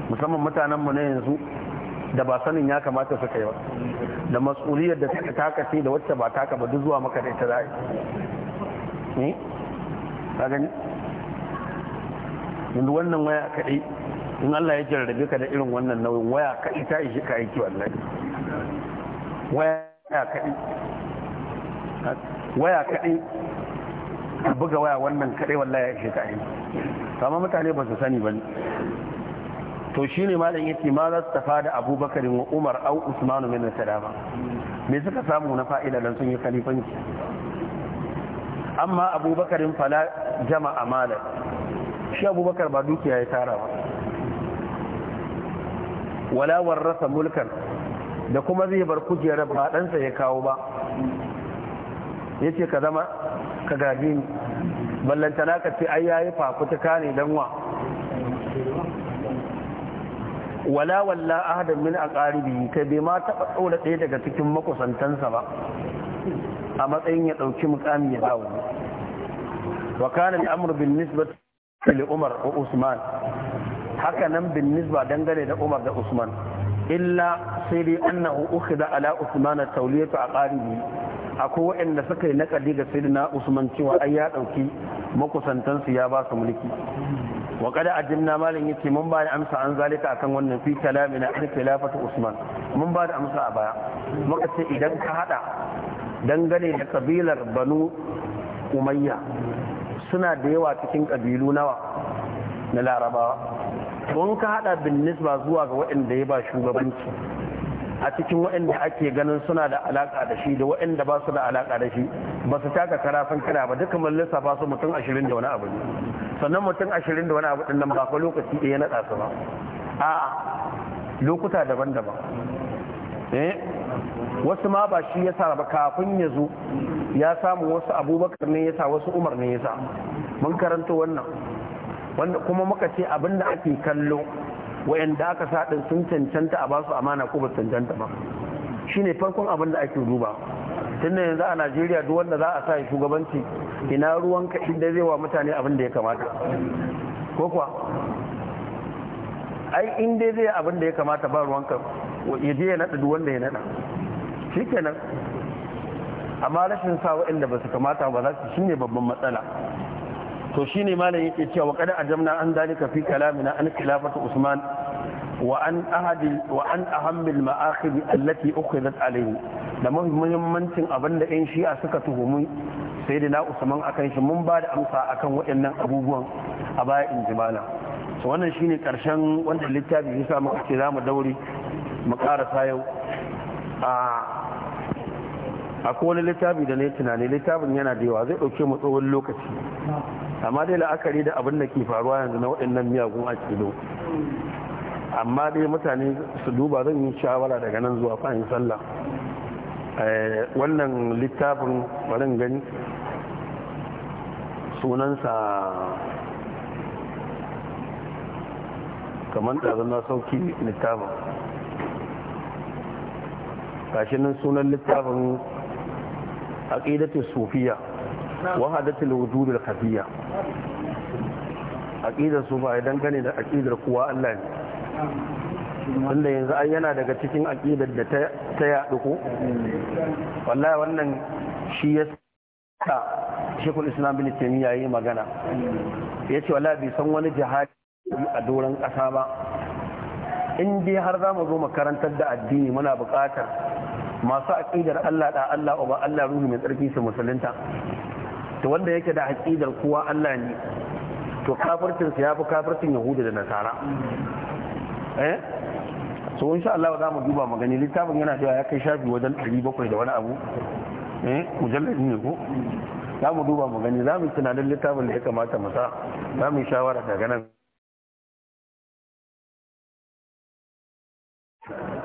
musamman mutanen mu na yanzu da ba sanin ya kamata su kai ba da mas'uliyar da suka taka ce da wacce ba taka ba duk zuwa maka da ita za ne eh? ka gani yanzu wannan waya kaɗai in Allah ya jarrabe ka da irin wannan nauyin waya kaɗai ta ishe ka aiki wallahi waya kaɗai waya kaɗai ka buga waya wannan kadai wallahi ya ishe ka aiki amma mutane ba su sani ba to ne malam yake ma za su tafa da Abubakar wa Umar au Usman min sadama me suka samu na fa'ida dan sun yi kalifanci? amma abubakarin fala jama'a malar shi abubakar ba dukiya ya tara ba wala warrasa mulkan da kuma zai bar kujerar ba ɗansa ya kawo ba yace ka zama ka gaje ni na ka ce ai yayi fafutuka ne dan wa wala walla ahadan min aqaribi kai bai ma taba tsora ɗaya daga cikin makusantansa ba a matsayin ya ɗauki mukami ya dawo wa kana al'amru bin nisbati li umar wa usman haka nan bin nisba dangane da umar da usman illa sai dai annahu ukhida ala usman tawliyatu aqaribi akwai waɗanda suka yi naƙadi ga na usman cewa ai ya ɗauki makusantansu ya ba su mulki wa kada ajinna malin yace mun ba da amsa an zalika akan wannan fi kalamina an khilafatu usman mun ba da amsa a baya muka ce idan ka hada dangane da kabilar banu umayya suna da yawa cikin kabilu nawa na larabawa don ka hada bin nisba zuwa ga waɗanda ya ba shugabanci a cikin waɗanda ake ganin suna da alaƙa da shi da waɗanda ba su da alaƙa da shi ba su taka kara sun kira ba duka mun ba su mutum ashirin da wani abu ne sannan mutum ashirin da wani abu ɗin nan ba lokaci ɗaya na ɗasa ba a'a lokuta daban-daban eh wasu ma ba shi ya sa ba kafin ya zo ya samu wasu abubakar ne ya sa wasu umar ne ya sa mun karanta wannan wanda kuma muka ce abin da ake kallo da aka sadin sun cancanta a basu amana ko ba su cancanta ba shine farkon abin da ake duba tun da yanzu a najeriya duk wanda za a sa shugabanci ina ruwan kaɗi da zai wa mutane abin da ya kamata ko kuwa ai in dai zai abin da ya kamata ba ruwan ka ya je ya naɗa duk wanda ya naɗa shi kenan amma rashin sa da ba su kamata ba za su shine babban matsala to shi ne malam yake cewa kada ajamna an dalika fi kalamina an khilafatu usman wa an ahadi wa an ahammil ma'akhib allati ukhidat alayhi da muhimmancin abin da yan shi'a suka tuhumi sai da na usman akan shi mun ba da amsa akan waɗannan abubuwan a baya in jimala to wannan shine karshen wanda littafi ya sa muka ce zamu daure mu karasa yau a ah, akwai wani littafi da na yi tunani littafin yana da yawa zai ɗauke mu tsohon lokaci amma dai la'akari da abin da ke faruwa yanzu na waɗannan miyagun a kilo amma dai mutane su duba zan yi shawara daga nan zuwa fahim sallah eh, wannan littafin warin gani sunansa kamar ɗazan na sauki littafin gashi sunan littafin aqidatu sufiyya wahadatul wujud al-khafiyya aqidar sufa idan gane da aqidar kuwa Allah ne wanda yanzu an yana daga cikin aqidar da ta yaɗu ko wallahi wannan shi ya sa shekul islam bin taymiya yayi magana ya ce wallahi bai san wani jihadi a doron ƙasa ba in dai har za mu zo makarantar da addini muna buƙatar masu aƙidar Allah da Allah uba Allah ruhu mai tsarki su musulunta to wanda yake da aƙidar kowa Allah ne to kafircin ya fi kafircin Yahudu da Nasara eh so insha Allah za mu duba magani littafin yana cewa ya kai shafi wajen 700 da wani abu eh mujalladi ne ko za mu duba magani za mu tunanin littafin da ya kamata mu sa za mu shawara daga nan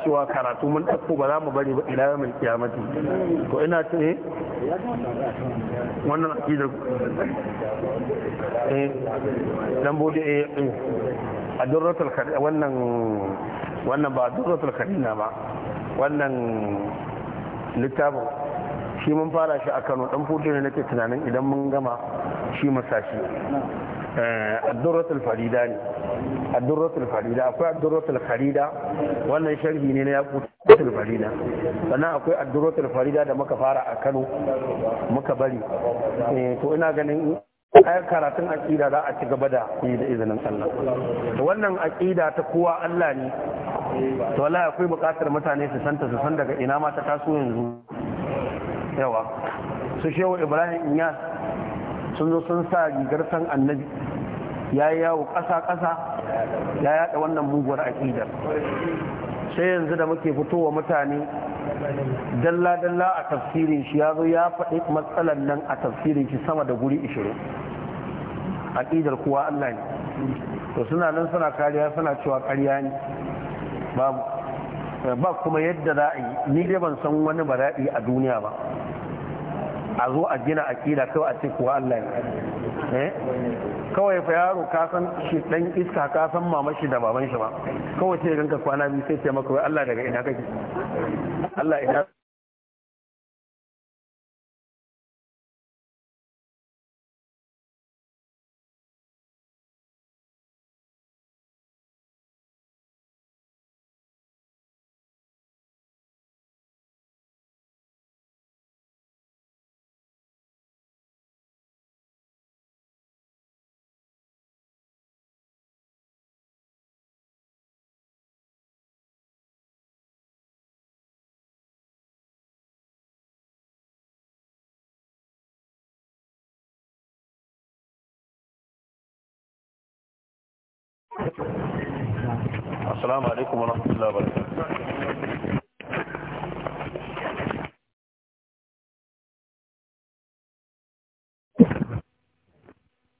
cewa karatu mun ɗauko ba za mu bari ba ila yamin kiyamati to ina ce eh wannan akidar eh dan bude eh, eh. a durratul wannan wannan ba durratul kadina ba wannan littafin shi mun fara shi a Kano dan fudu ne nake tunanin idan mun gama shi masashi Eh, addurratul farida ne addurratul farida akwai addurratul farida wannan sharhi ne na yakutul farida sannan akwai addurratul farida da muka fara a Kano muka bari eh, to ina ganin ayar karatun aƙida za a ci gaba da yi da izinin Allah wannan aƙida ta kowa Allah ne to wallahi akwai buƙatar mutane su santa su san daga ina ma ta taso yanzu yawa su shehu Ibrahim Inyas sun zo sun sa rigar san annabi ya yi yawo ƙasa-ƙasa ya yaɗa wannan muguwar aƙidar sai yanzu da muke fitowa mutane dalla-dalla a tafsirin shi ya zo ya faɗi matsalar nan a tafsirin shi sama da guri 20 aƙidar kuwa Allah ne to suna nan suna kariya suna cewa ƙarya ne ba kuma yadda za a yi ni dai ban san wani bara'i a duniya ba a zo a gina aƙida kawai a ce kuwa Allah ne eh? kawai fa yaro ka san shi dan iska ka san mama shi da baban shi ba kawai sai ganka kwana biyu sai ce maka wai Allah daga ina kake Allah ina assalamu alaikum wa rahmatullahi